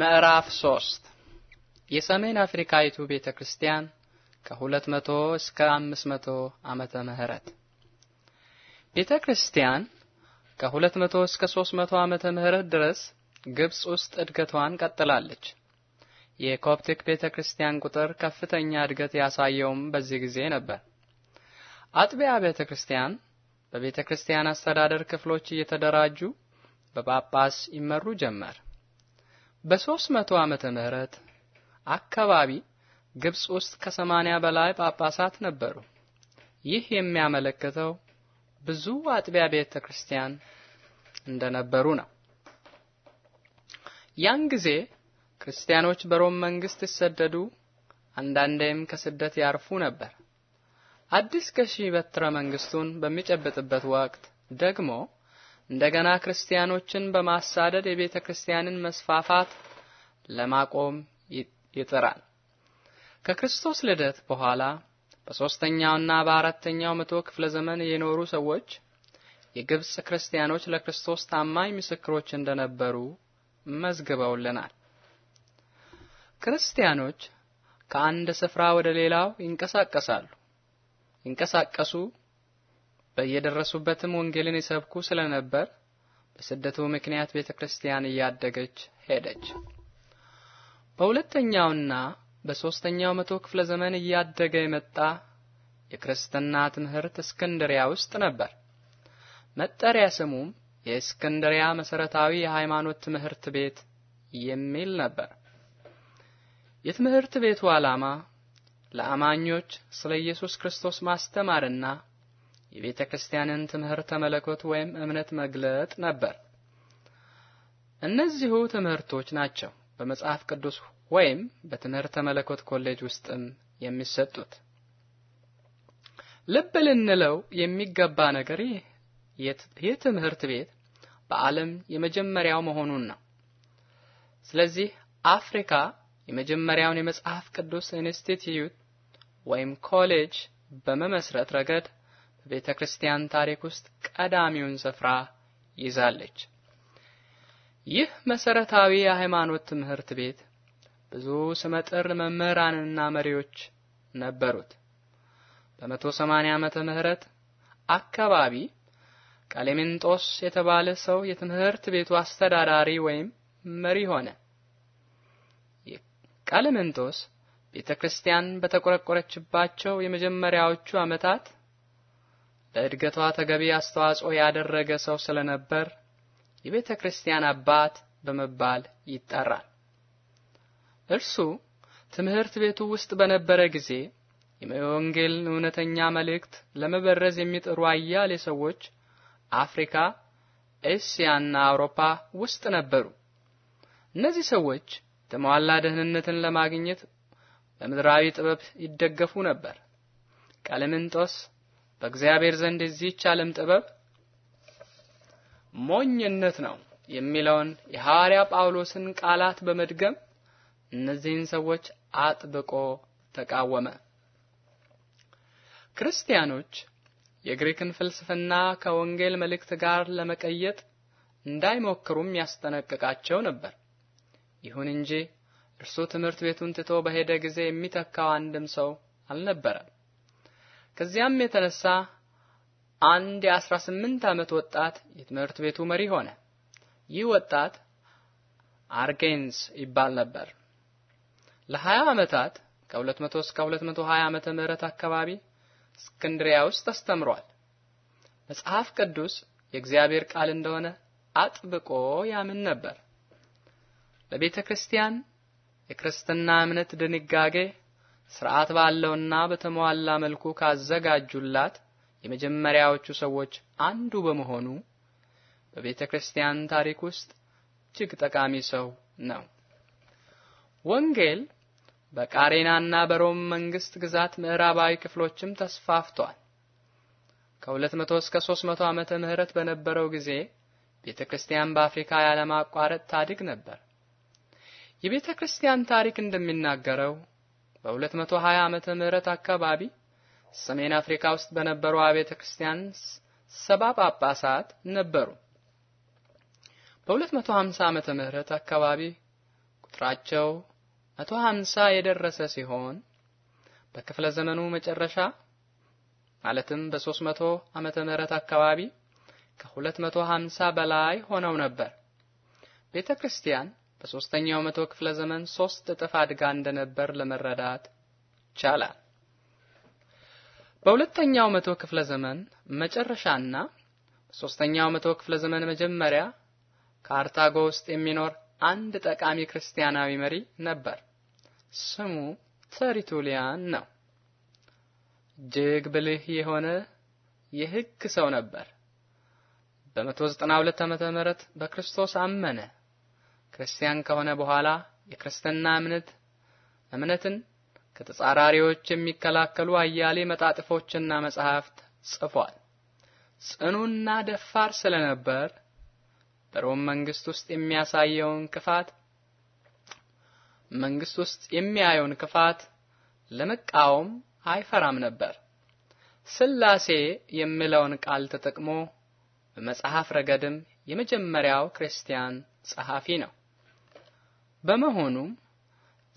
ምዕራፍ 3 የሰሜን አፍሪካዊቱ ቤተክርስቲያን ከ200 እስከ 500 ዓመተ ምህረት ቤተክርስቲያን ከ200 እስከ 300 ዓመተ ምህረት ድረስ ግብጽ ውስጥ እድገቷን ቀጥላለች። የኮፕቲክ ቤተክርስቲያን ቁጥር ከፍተኛ እድገት ያሳየውም በዚህ ጊዜ ነበር። አጥቢያ ቤተክርስቲያን በቤተክርስቲያን አስተዳደር ክፍሎች እየተደራጁ በጳጳስ ይመሩ ጀመር። በ300 ዓመተ ምህረት አካባቢ ግብጽ ውስጥ ከ80 በላይ ጳጳሳት ነበሩ። ይህ የሚያመለክተው ብዙ አጥቢያ ቤተ ክርስቲያን እንደነበሩ ነው። ያን ጊዜ ክርስቲያኖች በሮም መንግስት ሲሰደዱ፣ አንዳንዴም ከስደት ያርፉ ነበር። አዲስ ገዢ በትረ መንግስቱን በሚጨብጥበት ወቅት ደግሞ እንደገና ክርስቲያኖችን በማሳደድ የቤተ ክርስቲያንን መስፋፋት ለማቆም ይጥራል። ከክርስቶስ ልደት በኋላ በሶስተኛውና በአራተኛው መቶ ክፍለ ዘመን የኖሩ ሰዎች የግብጽ ክርስቲያኖች ለክርስቶስ ታማኝ ምስክሮች እንደነበሩ መዝግበውልናል። ክርስቲያኖች ከአንድ ስፍራ ወደ ሌላው ይንቀሳቀሳሉ ይንቀሳቀሱ በየደረሱበትም ወንጌልን ይሰብኩ ስለነበር በስደቱ ምክንያት ቤተክርስቲያን እያደገች ሄደች። በሁለተኛውና በሶስተኛው መቶ ክፍለ ዘመን እያደገ የመጣ የክርስትና ትምህርት እስክንድሪያ ውስጥ ነበር። መጠሪያ ስሙም የእስክንድሪያ መሰረታዊ የሃይማኖት ትምህርት ቤት የሚል ነበር። የትምህርት ቤቱ ዓላማ ለአማኞች ስለ ኢየሱስ ክርስቶስ ማስተማርና የቤተ ክርስቲያንን ትምህርተ መለኮት ወይም እምነት መግለጥ ነበር። እነዚሁ ትምህርቶች ናቸው በመጽሐፍ ቅዱስ ወይም በትምህርተ መለኮት ኮሌጅ ውስጥም የሚሰጡት። ልብ ልንለው የሚገባ ነገር ይህ ትምህርት ቤት በዓለም የመጀመሪያው መሆኑን ነው። ስለዚህ አፍሪካ የመጀመሪያውን የመጽሐፍ ቅዱስ ኢንስቲትዩት ወይም ኮሌጅ በመመስረት ረገድ ቤተ ክርስቲያን ታሪክ ውስጥ ቀዳሚውን ስፍራ ይዛለች። ይህ መሰረታዊ የሃይማኖት ትምህርት ቤት ብዙ ስመጥር መምህራንና መሪዎች ነበሩት በመቶ በ180 ዓመተ ምህረት አካባቢ ቀሌምንጦስ የተባለ ሰው የትምህርት ቤቱ አስተዳዳሪ ወይም መሪ ሆነ። ቀሌምንጦስ ቤተ ክርስቲያን በተቆረቆረችባቸው የመጀመሪያዎቹ ዓመታት በእድገቷ ተገቢ አስተዋጽኦ ያደረገ ሰው ስለነበር የቤተ ክርስቲያን አባት በመባል ይጠራል። እርሱ ትምህርት ቤቱ ውስጥ በነበረ ጊዜ የመወንጌል እውነተኛ መልእክት ለመበረዝ የሚጥሩ አያሌ ሰዎች አፍሪካ፣ እስያና አውሮፓ ውስጥ ነበሩ። እነዚህ ሰዎች የተሟላ ደህንነትን ለማግኘት በምድራዊ ጥበብ ይደገፉ ነበር። ቀለምንጦስ በእግዚአብሔር ዘንድ የዚህች ዓለም ጥበብ ሞኝነት ነው የሚለውን የሐዋርያ ጳውሎስን ቃላት በመድገም እነዚህን ሰዎች አጥብቆ ተቃወመ። ክርስቲያኖች የግሪክን ፍልስፍና ከወንጌል መልእክት ጋር ለመቀየጥ እንዳይሞክሩም ያስጠነቅቃቸው ነበር። ይሁን እንጂ እርሱ ትምህርት ቤቱን ትቶ በሄደ ጊዜ የሚተካው አንድም ሰው አልነበረም። ከዚያም የተነሳ አንድ የ18 ዓመት ወጣት የትምህርት ቤቱ መሪ ሆነ። ይህ ወጣት አርጌንስ ይባል ነበር። ለ20 ዓመታት ከ200 እስከ 220 ዓመተ ምህረት አካባቢ እስክንድሪያ ውስጥ አስተምሯል። መጽሐፍ ቅዱስ የእግዚአብሔር ቃል እንደሆነ አጥብቆ ያምን ነበር። ለቤተ ክርስቲያን የክርስትና እምነት ድንጋጌ ስርዓት ባለውና በተሟላ መልኩ ካዘጋጁላት የመጀመሪያዎቹ ሰዎች አንዱ በመሆኑ በቤተ ክርስቲያን ታሪክ ውስጥ እጅግ ጠቃሚ ሰው ነው። ወንጌል በቃሬናና በሮም መንግስት ግዛት ምዕራባዊ ክፍሎችም ተስፋፍቷል። ከ200 እስከ 300 ዓመተ ምህረት በነበረው ጊዜ ቤተ ክርስቲያን በአፍሪካ ያለማቋረጥ ታድግ ነበር። የቤተ ክርስቲያን ታሪክ እንደሚናገረው በ220 ዓመተ ምህረት አካባቢ ሰሜን አፍሪካ ውስጥ በነበሩ አብያተ ክርስቲያን ሰባ ጳጳሳት ነበሩ። በ250 ዓመተ ምህረት አካባቢ ቁጥራቸው 150 የደረሰ ሲሆን በክፍለ ዘመኑ መጨረሻ ማለትም በ300 ዓመተ ምህረት አካባቢ ከ250 በላይ ሆነው ነበር። ክርስቲያን በሶስተኛው መቶ ክፍለ ዘመን ሶስት እጥፍ አድጋ እንደነበር ለመረዳት ይቻላል። በሁለተኛው መቶ ክፍለ ዘመን መጨረሻና በሶስተኛው መቶ ክፍለ ዘመን መጀመሪያ ካርታጎ ውስጥ የሚኖር አንድ ጠቃሚ ክርስቲያናዊ መሪ ነበር። ስሙ ተሪቱሊያን ነው። እጅግ ብልህ የሆነ የሕግ ሰው ነበር። በ192 ዓመተ ምህረት በክርስቶስ አመነ። ክርስቲያን ከሆነ በኋላ የክርስትና እምነት እምነትን ከተጻራሪዎች የሚከላከሉ አያሌ መጣጥፎችና መጻሕፍት ጽፏል። ጽኑና ደፋር ስለነበር በሮም መንግስት ውስጥ የሚያሳየውን ክፋት መንግስት ውስጥ የሚያየውን ክፋት ለመቃወም አይፈራም ነበር። ስላሴ የሚለውን ቃል ተጠቅሞ በመጽሐፍ ረገድም የመጀመሪያው ክርስቲያን ጸሐፊ ነው። በመሆኑም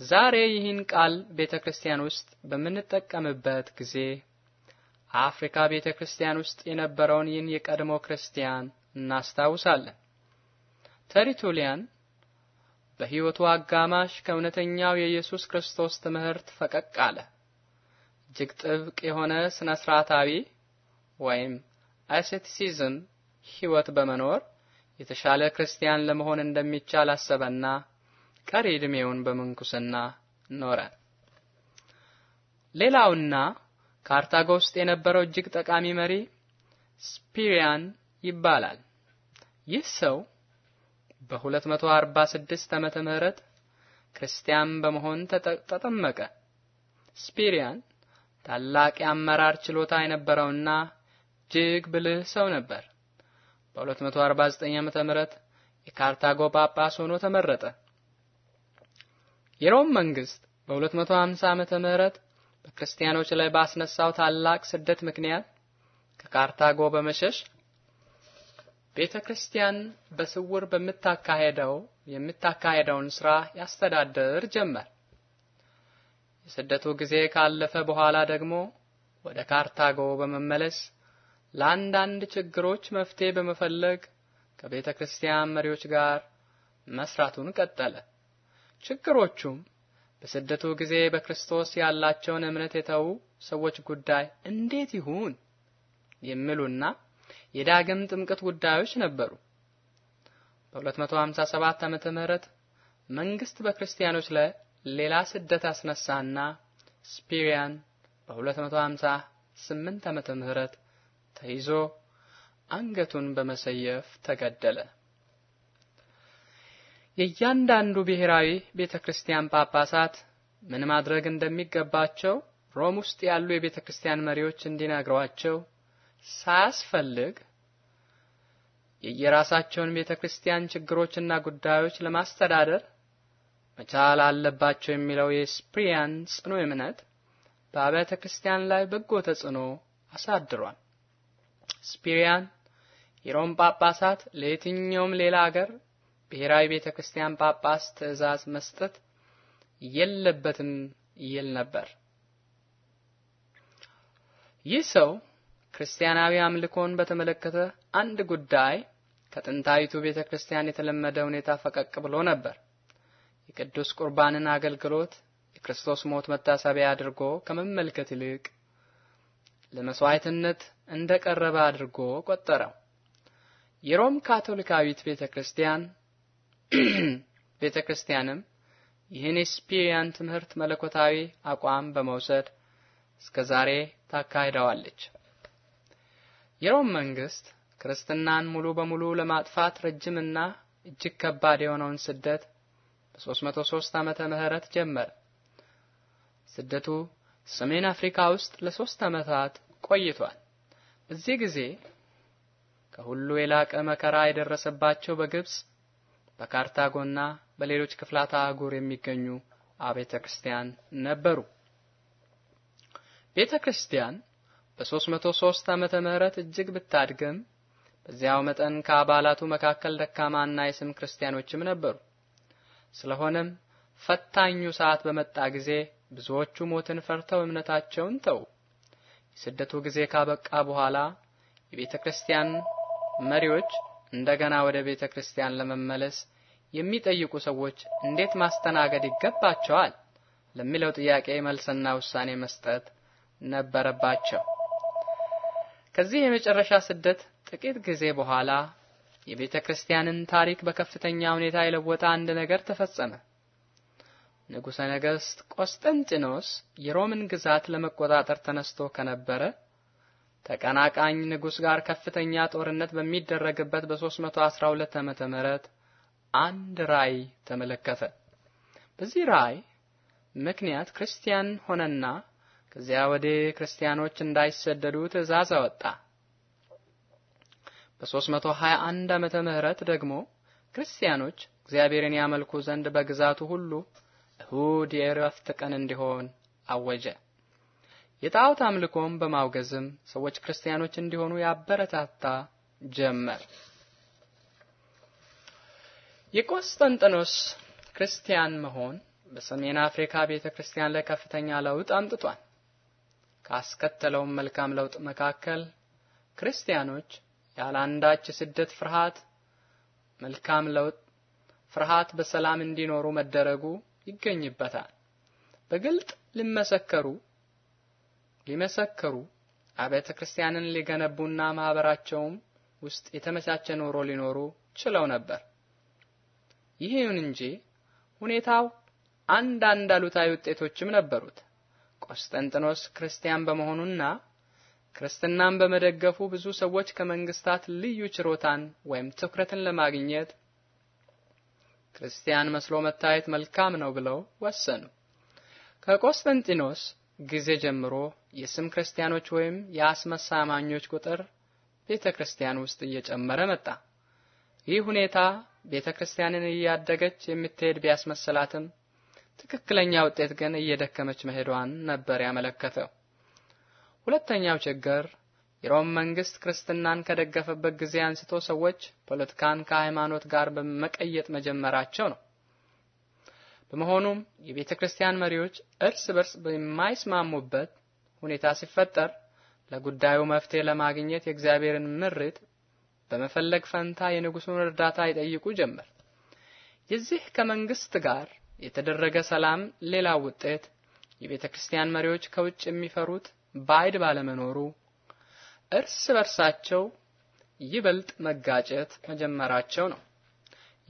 ዛሬ ይህን ቃል ቤተክርስቲያን ውስጥ በምንጠቀምበት ጊዜ አፍሪካ ቤተክርስቲያን ውስጥ የነበረውን ይህን የቀድሞ ክርስቲያን እናስታውሳለን። ተሪቶሊያን በሕይወቱ አጋማሽ ከእውነተኛው የኢየሱስ ክርስቶስ ትምህርት ፈቀቅ አለ። እጅግ ጥብቅ የሆነ ስነ ስርዓታዊ ወይም አሴቲሲዝም ሕይወት በመኖር የተሻለ ክርስቲያን ለመሆን እንደሚቻል አሰበና ቀሪ ዕድሜውን በምንኩስና ኖረ። ሌላውና ካርታጎ ውስጥ የነበረው እጅግ ጠቃሚ መሪ ስፒሪያን ይባላል። ይህ ሰው በ246 ዓመተ ምህረት ክርስቲያን በመሆን ተጠመቀ። ስፒሪያን ታላቅ የአመራር ችሎታ የነበረውና እጅግ ብልህ ሰው ነበር። በ249 ዓመተ ምህረት የካርታጎ ጳጳስ ሆኖ ተመረጠ። የሮም መንግስት በ250 ዓመተ ምህረት በክርስቲያኖች ላይ ባስነሳው ታላቅ ስደት ምክንያት ከካርታጎ በመሸሽ ቤተ ክርስቲያን በስውር በምታካሄደው የምታካሄደውን ስራ ያስተዳድር ጀመር። የስደቱ ጊዜ ካለፈ በኋላ ደግሞ ወደ ካርታጎ በመመለስ ለአንዳንድ ችግሮች መፍትሄ በመፈለግ ከቤተ ክርስቲያን መሪዎች ጋር መስራቱን ቀጠለ። ችግሮቹም በስደቱ ጊዜ በክርስቶስ ያላቸውን እምነት የተዉ ሰዎች ጉዳይ እንዴት ይሁን የሚሉና የዳግም ጥምቀት ጉዳዮች ነበሩ። በ257 ዓመተ ምህረት መንግስት በክርስቲያኖች ላይ ሌላ ስደት አስነሳና ስፒሪያን በ258 ዓመተ ምህረት ተይዞ አንገቱን በመሰየፍ ተገደለ። የእያንዳንዱ ብሔራዊ ቤተክርስቲያን ጳጳሳት ምን ማድረግ እንደሚገባቸው ሮም ውስጥ ያሉ የቤተክርስቲያን መሪዎች እንዲነግሯቸው ሳያስፈልግ የየራሳቸውን ቤተክርስቲያን ችግሮችና ጉዳዮች ለማስተዳደር መቻል አለባቸው የሚለው የስፕሪያን ጽኑ እምነት በአብያተ ክርስቲያን ላይ በጎ ተጽዕኖ አሳድሯል። ስፒሪያን የሮም ጳጳሳት ለየትኛውም ሌላ አገር ብሔራዊ ቤተ ክርስቲያን ጳጳስ ትእዛዝ መስጠት የለበትም ይል ነበር። ይህ ሰው ክርስቲያናዊ አምልኮን በተመለከተ አንድ ጉዳይ ከጥንታዊቱ ቤተ ክርስቲያን የተለመደ ሁኔታ ፈቀቅ ብሎ ነበር። የቅዱስ ቁርባንን አገልግሎት የክርስቶስ ሞት መታሰቢያ አድርጎ ከመመልከት ይልቅ ለመስዋዕትነት እንደቀረበ አድርጎ ቆጠረው። የሮም ካቶሊካዊት ቤተ ክርስቲያን ቤተ ክርስቲያንም ይህን የስፒሪያን ትምህርት መለኮታዊ አቋም በመውሰድ እስከ ዛሬ ታካሂደዋለች። የሮም መንግስት ክርስትናን ሙሉ በሙሉ ለማጥፋት ረጅምና እጅግ ከባድ የሆነውን ስደት በ303 ዓመተ ምህረት ጀመረ። ስደቱ ሰሜን አፍሪካ ውስጥ ለሶስት ዓመታት ቆይቷል። በዚህ ጊዜ ከሁሉ የላቀ መከራ የደረሰባቸው በግብጽ በካርታጎና በሌሎች ክፍላተ አህጉር የሚገኙ አቤተ ክርስቲያን ነበሩ። ቤተ ክርስቲያን በ303 ዓመተ ምህረት እጅግ ብታድግም በዚያው መጠን ከአባላቱ መካከል ደካማና የስም ክርስቲያኖችም ነበሩ። ስለሆነም ፈታኙ ሰዓት በመጣ ጊዜ ብዙዎቹ ሞትን ፈርተው እምነታቸውን ተው። የስደቱ ጊዜ ካበቃ በኋላ የቤተ ክርስቲያን መሪዎች እንደገና ወደ ቤተ ክርስቲያን ለመመለስ የሚጠይቁ ሰዎች እንዴት ማስተናገድ ይገባቸዋል ለሚለው ጥያቄ መልስና ውሳኔ መስጠት ነበረባቸው። ከዚህ የመጨረሻ ስደት ጥቂት ጊዜ በኋላ የቤተ ክርስቲያንን ታሪክ በከፍተኛ ሁኔታ የለወጠ አንድ ነገር ተፈጸመ። ንጉሠ ነገሥት ቆስጠንጢኖስ የሮምን ግዛት ለመቆጣጠር ተነስቶ ከነበረ ተቀናቃኝ ንጉስ ጋር ከፍተኛ ጦርነት በሚደረግበት በ312 ዓመተ ምህረት አንድ ራእይ ተመለከተ። በዚህ ራእይ ምክንያት ክርስቲያን ሆነና ከዚያ ወዲህ ክርስቲያኖች እንዳይሰደዱ ትእዛዝ አወጣ። በ321 ዓመተ ምህረት ደግሞ ክርስቲያኖች እግዚአብሔርን ያመልኩ ዘንድ በግዛቱ ሁሉ እሁድ የእረፍት ቀን እንዲሆን አወጀ። የጣዖት አምልኮም በማውገዝም ሰዎች ክርስቲያኖች እንዲሆኑ ያበረታታ ጀመር። የቆስጠንጥኖስ ክርስቲያን መሆን በሰሜን አፍሪካ ቤተ ክርስቲያን ላይ ከፍተኛ ለውጥ አምጥቷል። ካስከተለውም መልካም ለውጥ መካከል ክርስቲያኖች ያለ አንዳች ስደት ፍርሃት መልካም ለውጥ ፍርሃት በሰላም እንዲኖሩ መደረጉ ይገኝበታል። በግልጥ ሊመሰከሩ ሊመሰክሩ አብያተ ክርስቲያንን ሊገነቡና ማህበራቸውም ውስጥ የተመቻቸ ኖሮ ሊኖሩ ችለው ነበር። ይህን እንጂ ሁኔታው አንዳንድ አሉታዊ ውጤቶችም ነበሩት። ቆስጠንጥኖስ ክርስቲያን በመሆኑና ክርስትናን በመደገፉ ብዙ ሰዎች ከመንግስታት ልዩ ችሮታን ወይም ትኩረትን ለማግኘት ክርስቲያን መስሎ መታየት መልካም ነው ብለው ወሰኑ። ከቆስጠንጢኖስ ጊዜ ጀምሮ የስም ክርስቲያኖች ወይም የአስመሳ አማኞች ቁጥር ቤተ ክርስቲያን ውስጥ እየጨመረ መጣ። ይህ ሁኔታ ቤተ ክርስቲያንን እያደገች የምትሄድ ቢያስመስላትም ትክክለኛ ውጤት ግን እየደከመች መሄዷን ነበር ያመለከተው። ሁለተኛው ችግር የሮም መንግስት ክርስትናን ከደገፈበት ጊዜ አንስቶ ሰዎች ፖለቲካን ከሃይማኖት ጋር በመቀየጥ መጀመራቸው ነው። በመሆኑም የቤተ ክርስቲያን መሪዎች እርስ በርስ በማይስማሙበት ሁኔታ ሲፈጠር ለጉዳዩ መፍትሄ ለማግኘት የእግዚአብሔርን ምሪት በመፈለግ ፈንታ የንጉሱን እርዳታ ይጠይቁ ጀመር። የዚህ ከመንግስት ጋር የተደረገ ሰላም ሌላ ውጤት የቤተ ክርስቲያን መሪዎች ከውጭ የሚፈሩት ባይድ ባለመኖሩ እርስ በርሳቸው ይበልጥ መጋጨት መጀመራቸው ነው።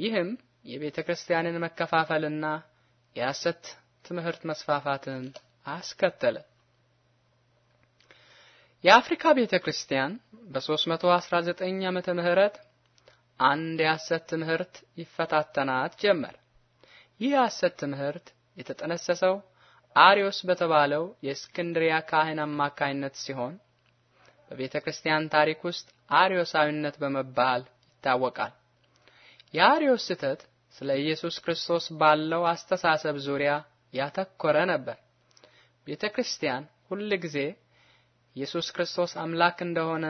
ይህም የቤተ ክርስቲያንን መከፋፈልና የሐሰት ትምህርት መስፋፋትን አስከተለ። የአፍሪካ ቤተ ክርስቲያን በ319 ዓመተ ምህረት አንድ የሐሰት ትምህርት ይፈታተናት ጀመር። ይህ የሐሰት ትምህርት የተጠነሰሰው አሪዮስ በተባለው የእስክንድሪያ ካህን አማካይነት ሲሆን በቤተ ክርስቲያን ታሪክ ውስጥ አሪዮሳዊነት በመባል ይታወቃል። የአሪዮስ ስህተት ስለ ኢየሱስ ክርስቶስ ባለው አስተሳሰብ ዙሪያ ያተኮረ ነበር። ቤተ ክርስቲያን ሁል ጊዜ ኢየሱስ ክርስቶስ አምላክ እንደሆነ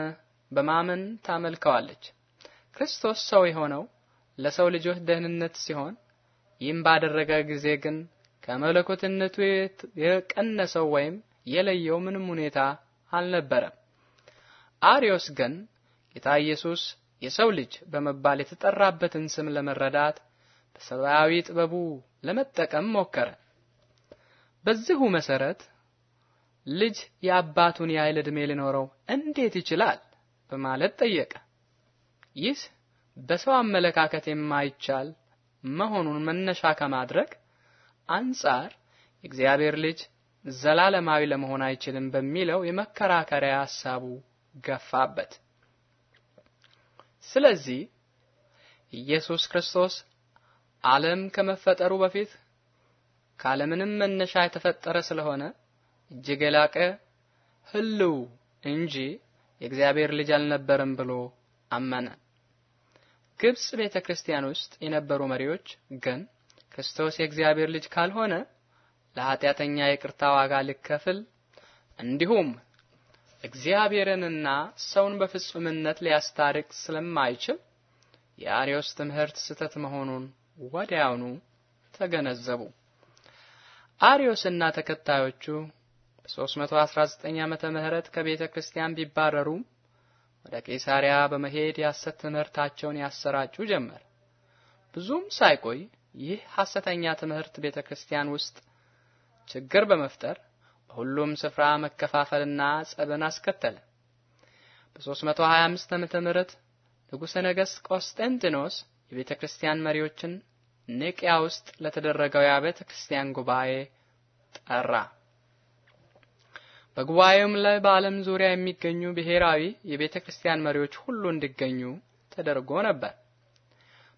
በማመን ታመልከዋለች። ክርስቶስ ሰው የሆነው ለሰው ልጆች ደህንነት ሲሆን ይህም ባደረገ ጊዜ ግን ከመለኮትነቱ የቀነሰው ወይም የለየው ምንም ሁኔታ አልነበረም። አሪዮስ ግን ጌታ ኢየሱስ የሰው ልጅ በመባል የተጠራበትን ስም ለመረዳት ሰብአዊ ጥበቡ ለመጠቀም ሞከረ። በዚሁ መሰረት ልጅ የአባቱን ያህል ዕድሜ ሊኖረው እንዴት ይችላል በማለት ጠየቀ። ይህ በሰው አመለካከት የማይቻል መሆኑን መነሻ ከማድረግ አንጻር የእግዚአብሔር ልጅ ዘላለማዊ ለመሆን አይችልም በሚለው የመከራከሪያ ሐሳቡ ገፋበት። ስለዚህ ኢየሱስ ክርስቶስ ዓለም ከመፈጠሩ በፊት ካለምንም መነሻ የተፈጠረ ስለሆነ እጅግ የላቀ ህልው እንጂ የእግዚአብሔር ልጅ አልነበረም ብሎ አመነ። ግብጽ ቤተ ክርስቲያን ውስጥ የነበሩ መሪዎች ግን ክርስቶስ የእግዚአብሔር ልጅ ካልሆነ ለኃጢአተኛ የቅርታ ዋጋ ሊከፍል እንዲሁም እግዚአብሔርንና ሰውን በፍጹምነት ሊያስታርቅ ስለማይችል የአርዮስ ትምህርት ስህተት መሆኑን ወዲያውኑ ተገነዘቡ። አሪዮስና ተከታዮቹ በ319 ዓመተ ምህረት ከቤተ ክርስቲያን ቢባረሩ ወደ ቄሳሪያ በመሄድ የሐሰት ትምህርታቸውን ያሰራጩ ጀመር። ብዙም ሳይቆይ ይህ ሐሰተኛ ትምህርት ቤተ ክርስቲያን ውስጥ ችግር በመፍጠር በሁሉም ስፍራ መከፋፈልና ጸብን አስከተለ። በ325 ዓመተ ምህረት ንጉሠ ነገሥት ቆስጠንጢኖስ የቤተ ክርስቲያን መሪዎችን ኒቅያ ውስጥ ለተደረገው የአብያተ ክርስቲያን ጉባኤ ጠራ። በጉባኤውም ላይ በዓለም ዙሪያ የሚገኙ ብሔራዊ የቤተ ክርስቲያን መሪዎች ሁሉ እንዲገኙ ተደርጎ ነበር።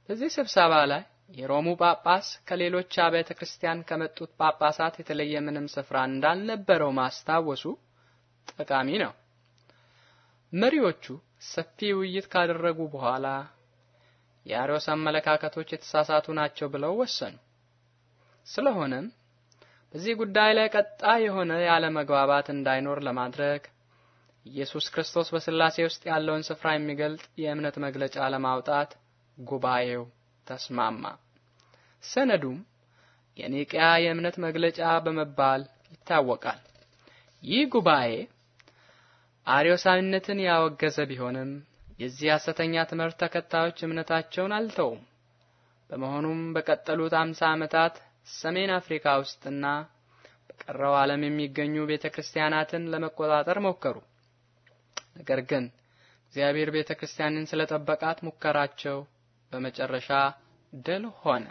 በዚህ ስብሰባ ላይ የሮሙ ጳጳስ ከሌሎች አብያተ ክርስቲያን ከመጡት ጳጳሳት የተለየ ምንም ስፍራ እንዳልነበረው ማስታወሱ ጠቃሚ ነው። መሪዎቹ ሰፊ ውይይት ካደረጉ በኋላ የአርዮስ አመለካከቶች የተሳሳቱ ናቸው ብለው ወሰኑ። ስለሆነም በዚህ ጉዳይ ላይ ቀጣይ የሆነ ያለ መግባባት እንዳይኖር ለማድረግ ኢየሱስ ክርስቶስ በስላሴ ውስጥ ያለውን ስፍራ የሚገልጥ የእምነት መግለጫ ለማውጣት ጉባኤው ተስማማ። ሰነዱም የኒቅያ የእምነት መግለጫ በመባል ይታወቃል። ይህ ጉባኤ አርዮሳዊነትን ያወገዘ ቢሆንም የዚህ ሐሰተኛ ትምህርት ተከታዮች እምነታቸውን አልተውም። በመሆኑም በቀጠሉት አምሳ ዓመታት ሰሜን አፍሪካ ውስጥና በቀረው ዓለም የሚገኙ ቤተ ክርስቲያናትን ለመቆጣጠር ሞከሩ። ነገር ግን እግዚአብሔር ቤተ ክርስቲያንን ስለጠበቃት ሙከራቸው በመጨረሻ ድል ሆነ።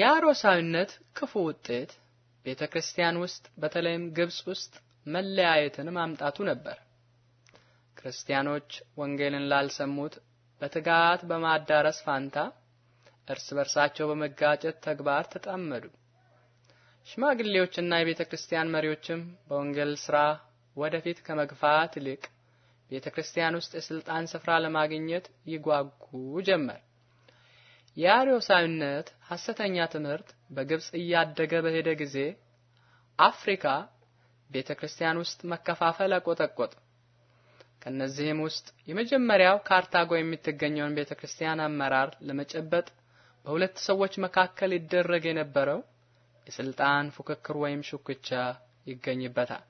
የአሮሳዊነት ክፉ ውጤት ቤተ ክርስቲያን ውስጥ በተለይም ግብጽ ውስጥ መለያየትን ማምጣቱ ነበር። ክርስቲያኖች ወንጌልን ላልሰሙት በትጋት በማዳረስ ፋንታ እርስ በርሳቸው በመጋጨት ተግባር ተጣመዱ። ሽማግሌዎችና የቤተ ክርስቲያን መሪዎችም በወንጌል ስራ ወደፊት ከመግፋት ይልቅ ቤተ ክርስቲያን ውስጥ የስልጣን ስፍራ ለማግኘት ይጓጉ ጀመር። የአርዮሳዊነት ሐሰተኛ ትምህርት በግብጽ እያደገ በሄደ ጊዜ አፍሪካ ቤተ ክርስቲያን ውስጥ መከፋፈል አቆጠቆጠ። ከነዚህም ውስጥ የመጀመሪያው ካርታጎ የምትገኘውን ቤተክርስቲያን አመራር ለመጨበጥ በሁለት ሰዎች መካከል ይደረግ የነበረው የስልጣን ፉክክር ወይም ሹክቻ ይገኝበታል።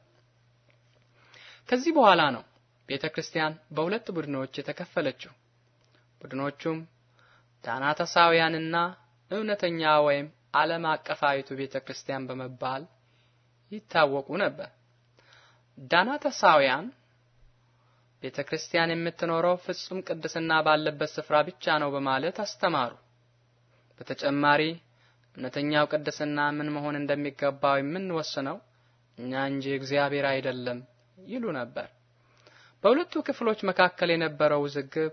ከዚህ በኋላ ነው ቤተክርስቲያን በሁለት ቡድኖች የተከፈለችው። ቡድኖቹም ዳናታሳውያንና እውነተኛ ወይም ዓለም አቀፋዊቱ ቤተክርስቲያን በመባል ይታወቁ ነበር። ዳናታሳውያን ቤተ ክርስቲያን የምትኖረው ፍጹም ቅድስና ባለበት ስፍራ ብቻ ነው በማለት አስተማሩ። በተጨማሪ እውነተኛው ቅድስና ምን መሆን እንደሚገባው የምንወስነው እኛ እንጂ እግዚአብሔር አይደለም ይሉ ነበር። በሁለቱ ክፍሎች መካከል የነበረው ውዝግብ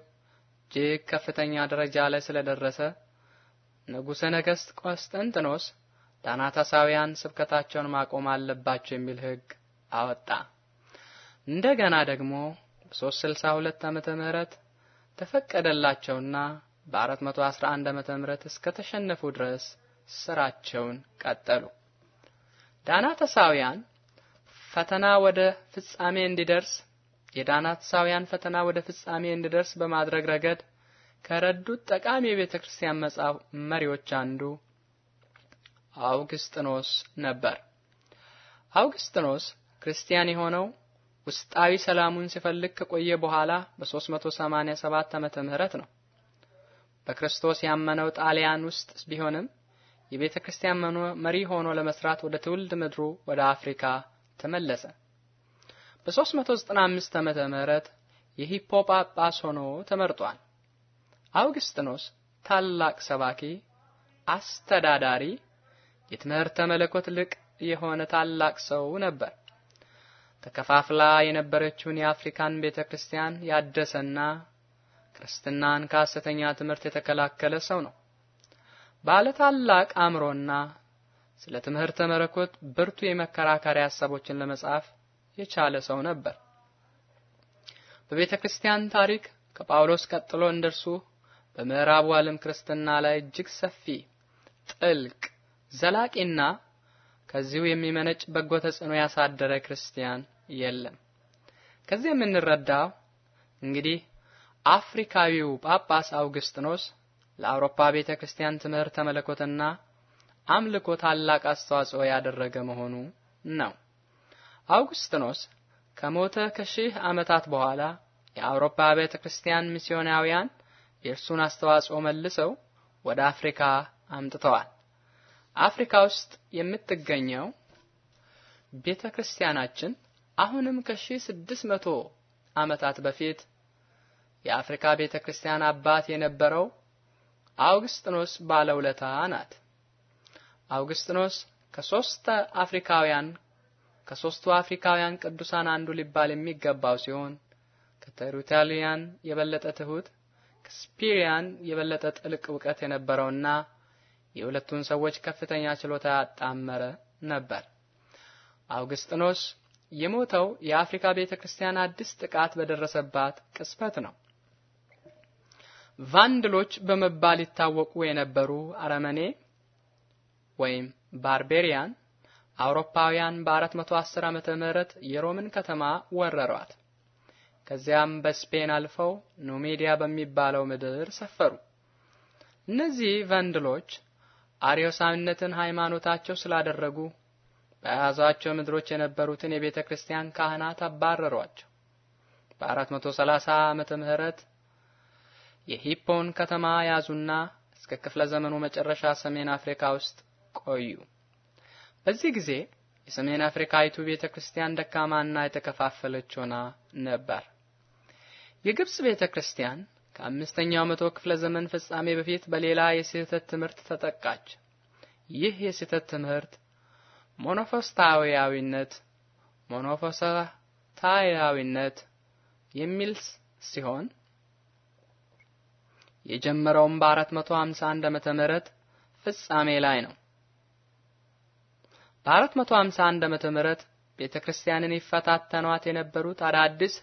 እጅግ ከፍተኛ ደረጃ ላይ ስለደረሰ ንጉሠ ነገሥት ቆስጠንጥኖስ ዳናታሳውያን ስብከታቸውን ማቆም አለባቸው የሚል ሕግ አወጣ። እንደገና ደግሞ በ362 ዓመተ ምህረት ተፈቀደላቸውና በ411 ዓመተ ምህረት እስከተሸነፉ ድረስ ስራቸውን ቀጠሉ። ዳናተሳውያን ፈተና ወደ ፍጻሜ እንዲደርስ የዳናተሳውያን ፈተና ወደ ፍጻሜ እንዲደርስ በማድረግ ረገድ ከረዱት ጠቃሚ የቤተ ክርስቲያን መጽሐፍ መሪዎች አንዱ አውግስጥኖስ ነበር። አውግስጥኖስ ክርስቲያን የሆነው ውስጣዊ ሰላሙን ሲፈልግ ከቆየ በኋላ በ387 ዓመተ ምህረት ነው። በክርስቶስ ያመነው ጣሊያን ውስጥ ቢሆንም የቤተ ክርስቲያን መሪ ሆኖ ለመስራት ወደ ትውልድ ምድሩ ወደ አፍሪካ ተመለሰ። በ395 ዓመተ ምህረት የሂፖ ጳጳስ ሆኖ ተመርጧል። አውግስጥኖስ ታላቅ ሰባኪ፣ አስተዳዳሪ፣ የትምህርተ መለኮት ልቅ የሆነ ታላቅ ሰው ነበር። ተከፋፍላ የነበረችውን የአፍሪካን ቤተ ክርስቲያን ያደሰና ክርስትናን ከሐሰተኛ ትምህርት የተከላከለ ሰው ነው። ባለ ታላቅ አእምሮና ስለ ትምህርተ መለኮት ብርቱ የመከራከሪያ ሀሳቦችን ለመጻፍ የቻለ ሰው ነበር። በቤተ ክርስቲያን ታሪክ ከጳውሎስ ቀጥሎ እንደርሱ በምዕራቡ ዓለም ክርስትና ላይ እጅግ ሰፊ፣ ጥልቅ፣ ዘላቂና ከዚሁ የሚመነጭ በጎ ተጽዕኖ ያሳደረ ክርስቲያን የለም። ከዚህ የምንረዳው እንግዲህ አፍሪካዊው ጳጳስ አውግስጥኖስ ለአውሮፓ ቤተ ክርስቲያን ትምህርተ መለኮትና አምልኮ ታላቅ አስተዋጽኦ ያደረገ መሆኑ ነው። አውግስጥኖስ ከሞተ ከሺህ ዓመታት በኋላ የአውሮፓ ቤተ ክርስቲያን ሚስዮናውያን የእርሱን አስተዋጽኦ መልሰው ወደ አፍሪካ አምጥተዋል። አፍሪካ ውስጥ የምትገኘው ቤተ ክርስቲያናችን አሁንም ከ1600 ዓመታት በፊት የአፍሪካ ቤተ ክርስቲያን አባት የነበረው አውግስጥኖስ ባለውለታ ናት። አውግስጥኖስ ከሶስት አፍሪካውያን ከሶስቱ አፍሪካውያን ቅዱሳን አንዱ ሊባል የሚገባው ሲሆን ከተሩታሊያን የበለጠ ትሁት፣ ከስፒሪያን የበለጠ ጥልቅ እውቀት የነበረውና የሁለቱን ሰዎች ከፍተኛ ችሎታ ያጣመረ ነበር። አውግስጥኖስ የሞተው የአፍሪካ ቤተክርስቲያን አዲስ ጥቃት በደረሰባት ቅስፈት ነው። ቫንድሎች በመባል ይታወቁ የነበሩ አረመኔ ወይም ባርቤሪያን አውሮፓውያን በ410 ዓመተ ምህረት የሮምን ከተማ ወረሯት። ከዚያም በስፔን አልፈው ኑሚዲያ በሚባለው ምድር ሰፈሩ። እነዚህ ቫንድሎች አርዮሳዊነትን ሃይማኖታቸው ስላደረጉ በያዟቸው ምድሮች የነበሩትን የቤተ ክርስቲያን ካህናት አባረሯቸው። በ430 ዓመተ ምህረት የሂፖን ከተማ ያዙና እስከ ክፍለ ዘመኑ መጨረሻ ሰሜን አፍሪካ ውስጥ ቆዩ። በዚህ ጊዜ የሰሜን አፍሪካዊቱ ቤተ ክርስቲያን ደካማና የተከፋፈለች ሆና ነበር። የግብጽ ቤተ ክርስቲያን ከአምስተኛው መቶ ክፍለ ዘመን ፍጻሜ በፊት በሌላ የስህተት ትምህርት ተጠቃች። ይህ የስህተት ትምህርት ሞኖፎስታዊያዊነት ሞኖፎስታዊያዊነት የሚል ሲሆን የጀመረውም በ451 ዓመተ ምህረት ፍጻሜ ላይ ነው። በ451 ዓመተ ምህረት ቤተክርስቲያንን ይፈታተኗት የነበሩት አዳዲስ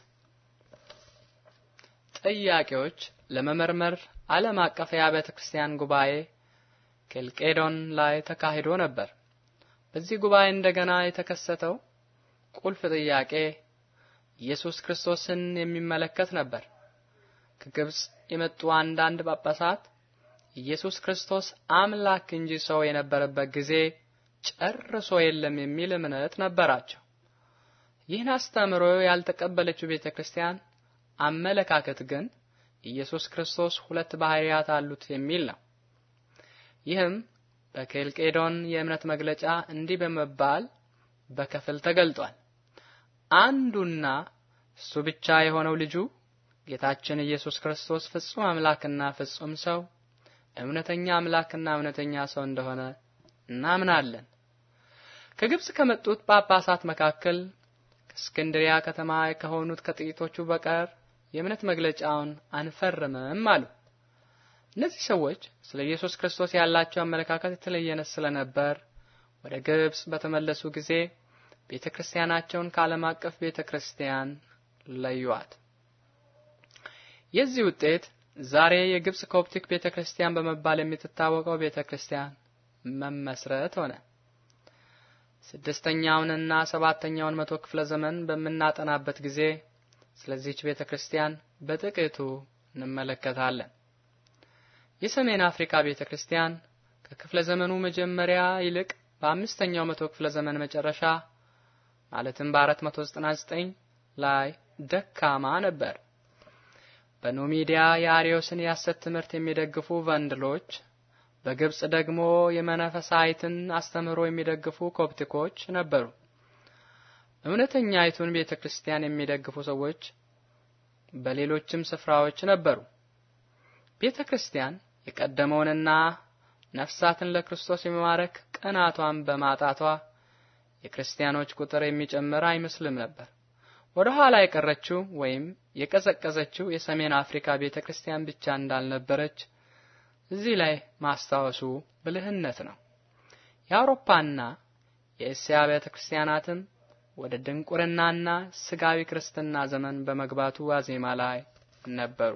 ጥያቄዎች ለመመርመር ዓለም አቀፍ የአብያተ ክርስቲያን ጉባኤ ኬልቄዶን ላይ ተካሂዶ ነበር። በዚህ ጉባኤ እንደገና የተከሰተው ቁልፍ ጥያቄ ኢየሱስ ክርስቶስን የሚመለከት ነበር። ከግብጽ የመጡ አንዳንድ ጳጳሳት ኢየሱስ ክርስቶስ አምላክ እንጂ ሰው የነበረበት ጊዜ ጨርሶ የለም የሚል እምነት ነበራቸው። ይህን አስተምሮ ያልተቀበለችው ቤተ ክርስቲያን አመለካከት ግን ኢየሱስ ክርስቶስ ሁለት ባህሪያት አሉት የሚል ነው። ይህም በኬልቄዶን የእምነት መግለጫ እንዲህ በመባል በከፍል ተገልጧል። አንዱና እሱ ብቻ የሆነው ልጁ ጌታችን ኢየሱስ ክርስቶስ ፍጹም አምላክና ፍጹም ሰው፣ እውነተኛ አምላክና እውነተኛ ሰው እንደሆነ እናምናለን። ከግብጽ ከመጡት ጳጳሳት መካከል ከእስክንድሪያ ከተማ ከሆኑት ከጥቂቶቹ በቀር የእምነት መግለጫውን አንፈርምም አሉ። እነዚህ ሰዎች ስለ ኢየሱስ ክርስቶስ ያላቸው አመለካከት የተለየ ስለነበር ወደ ግብጽ በተመለሱ ጊዜ ቤተ ክርስቲያናቸውን ከዓለም አቀፍ ቤተ ክርስቲያን ለዩዋት። የዚህ ውጤት ዛሬ የግብጽ ኮፕቲክ ቤተ ክርስቲያን በመባል የምትታወቀው ቤተ ክርስቲያን መመስረት ሆነ። ስድስተኛውንና ሰባተኛውን መቶ ክፍለ ዘመን በምናጠናበት ጊዜ ስለዚህች ቤተ ክርስቲያን በጥቂቱ እንመለከታለን። የሰሜን አፍሪካ ቤተ ክርስቲያን ከክፍለ ዘመኑ መጀመሪያ ይልቅ በአምስተኛው መቶ ክፍለ ዘመን መጨረሻ ማለትም በ499 ላይ ደካማ ነበር። በኖሚዲያ የአሪዮስን የሐሰት ትምህርት የሚደግፉ ቫንድሎች፣ በግብጽ ደግሞ የመነፈሳይትን አስተምህሮ የሚደግፉ ኮፕቲኮች ነበሩ። እውነተኛይቱን ቤተ ክርስቲያን የሚደግፉ ሰዎች በሌሎችም ስፍራዎች ነበሩ። ቤተ ክርስቲያን የቀደመውንና ነፍሳትን ለክርስቶስ የመማረክ ቀናቷን በማጣቷ የክርስቲያኖች ቁጥር የሚጨምር አይመስልም ነበር። ወደ ኋላ የቀረችው ወይም የቀዘቀዘችው የሰሜን አፍሪካ ቤተ ክርስቲያን ብቻ እንዳልነበረች እዚህ ላይ ማስታወሱ ብልህነት ነው። የአውሮፓና የእስያ ቤተ ክርስቲያናትም ወደ ድንቁርናና ስጋዊ ክርስትና ዘመን በመግባቱ ዋዜማ ላይ ነበሩ።